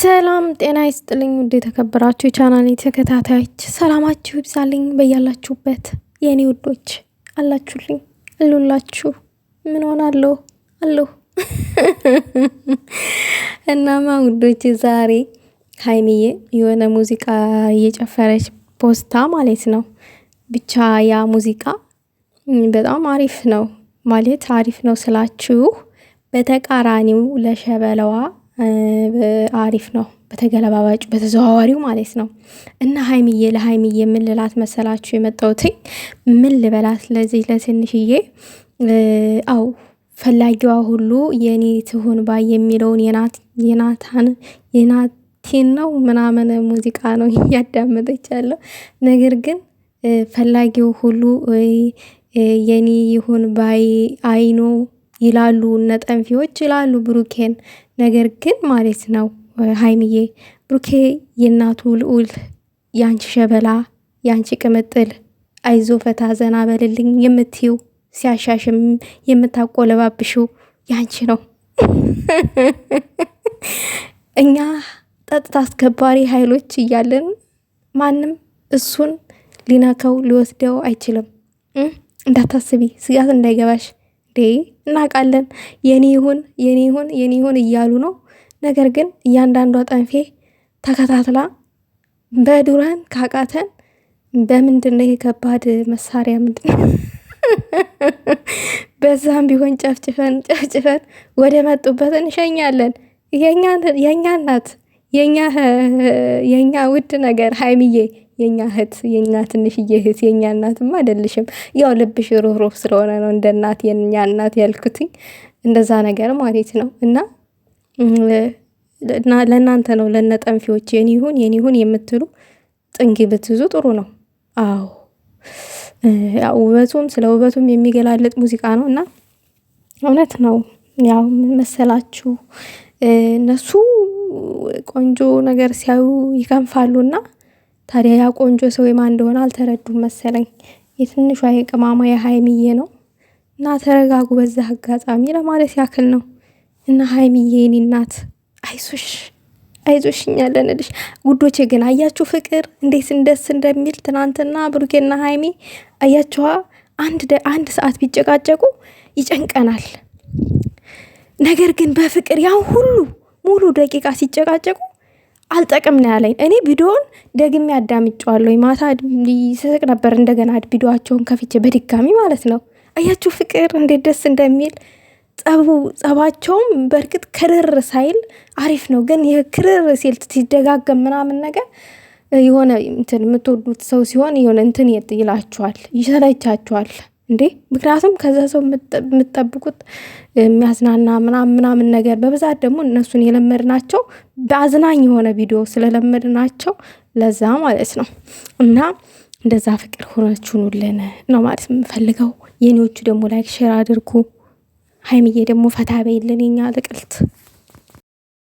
ሰላም ጤና ይስጥልኝ። ውድ የተከበራችሁ የቻናሌ ተከታታዮች ሰላማችሁ ይብዛልኝ በያላችሁበት የእኔ ውዶች አላችሁልኝ እሉላችሁ ምን ሆናለሁ አለሁ። እናማ ውዶች ዛሬ ሀይሚዬ የሆነ ሙዚቃ እየጨፈረች ፖስታ ማለት ነው። ብቻ ያ ሙዚቃ በጣም አሪፍ ነው ማለት አሪፍ ነው ስላችሁ በተቃራኒው ለሸበለዋ አሪፍ ነው። በተገለባባጭ በተዘዋዋሪው ማለት ነው። እና ሀይሚዬ ለሀይሚዬ ምን ልላት መሰላችሁ የመጣውትኝ ምን ልበላት ለዚህ ለትንሽዬ አው ፈላጊዋ ሁሉ የኔ ትሁን ባይ የሚለውን የናታን የናቴን ነው ምናምን ሙዚቃ ነው እያዳመጠች ያለው ነገር ግን ፈላጊው ሁሉ የኔ ይሁን ባይ አይኖ ይላሉ ነጠንፊዎች ይላሉ ብሩኬን። ነገር ግን ማለት ነው ሀይምዬ ብሩኬ የእናቱ ልዑል የአንቺ ሸበላ የአንቺ ቅምጥል አይዞ ፈታ ዘና በልልኝ የምትይው ሲያሻሽም የምታቆለባብሽው ያንቺ ነው። እኛ ጸጥታ አስከባሪ ኃይሎች እያለን ማንም እሱን ሊነከው ሊወስደው አይችልም። እንዳታስቢ፣ ስጋት እንዳይገባሽ። ዴ እናውቃለን። የኔ ይሁን የኔ ይሁን የኔ ይሁን እያሉ ነው። ነገር ግን እያንዳንዷ ጠንፌ ተከታትላ በዱረን ካቃተን በምንድን ነው የከባድ መሳሪያ ምንድን ነው በዛም ቢሆን ጨፍጭፈን ጨፍጭፈን ወደ መጡበት እንሸኛለን። የእኛ ናት የእኛ ውድ ነገር ሀይምዬ? የኛ እህት የኛ ትንሽዬ እህት የኛ እናትም አይደልሽም። ያው ልብሽ ሩህሩህ ስለሆነ ነው እንደ እናት የኛ እናት ያልኩትኝ እንደዛ ነገር ማለት ነው። እና ለእናንተ ነው ለነ ጠንፊዎች የኔ ይሁን የኔ ይሁን የምትሉ ጥንግ ብትይዙ ጥሩ ነው። አዎ ውበቱም ስለ ውበቱም የሚገላለጥ ሙዚቃ ነው እና እውነት ነው። ያው ምን መሰላችሁ እነሱ ቆንጆ ነገር ሲያዩ ይከንፋሉና ታዲያ ያ ቆንጆ ሰው የማን እንደሆነ አልተረዱም መሰለኝ። የትንሿ የቅማማ የሀይሚዬ ነው እና ተረጋጉ። በዛ አጋጣሚ ለማለት ያክል ነው እና ሀይሚዬ የኔ እናት አይዞሽ አይዞሽ እኛ አለንልሽ። ጉዶቼ ግን አያችሁ ፍቅር እንዴት እንደስ እንደሚል ትናንትና ብሩኬና ሀይሚ አያችኋ። አንድ አንድ ሰዓት ቢጨቃጨቁ ይጨንቀናል። ነገር ግን በፍቅር ያን ሁሉ ሙሉ ደቂቃ ሲጨቃጨቁ አልጠቅም ነው ያለኝ። እኔ ቪዲዮውን ደግሜ አዳምጫዋለሁ። ማታ ስስቅ ነበር። እንደገና ቪዲዮዋቸውን ከፍቼ በድጋሚ ማለት ነው። አያችሁ ፍቅር እንዴት ደስ እንደሚል ጸቡ ጸባቸውም በእርግጥ ክርር ሳይል አሪፍ ነው። ግን ይህ ክርር ሲል ሲደጋገም ምናምን ነገር የሆነ እንትን የምትወዱት ሰው ሲሆን የሆነ እንትን ይላችኋል፣ ይሰለቻችኋል። እንዴ ምክንያቱም ከዛ ሰው የምትጠብቁት የሚያዝናና ምናምን ምናምን ነገር በብዛት ደግሞ እነሱን የለመድናቸው በአዝናኝ የሆነ ቪዲዮ ስለለመድናቸው ለዛ ማለት ነው። እና እንደዛ ፍቅር ሆነችሁኑልን ነው ማለት የምፈልገው። የኔዎቹ ደግሞ ላይክ ሼር አድርጉ። ሀይምዬ ደግሞ ፈታ በይልን የኛ ልቅልት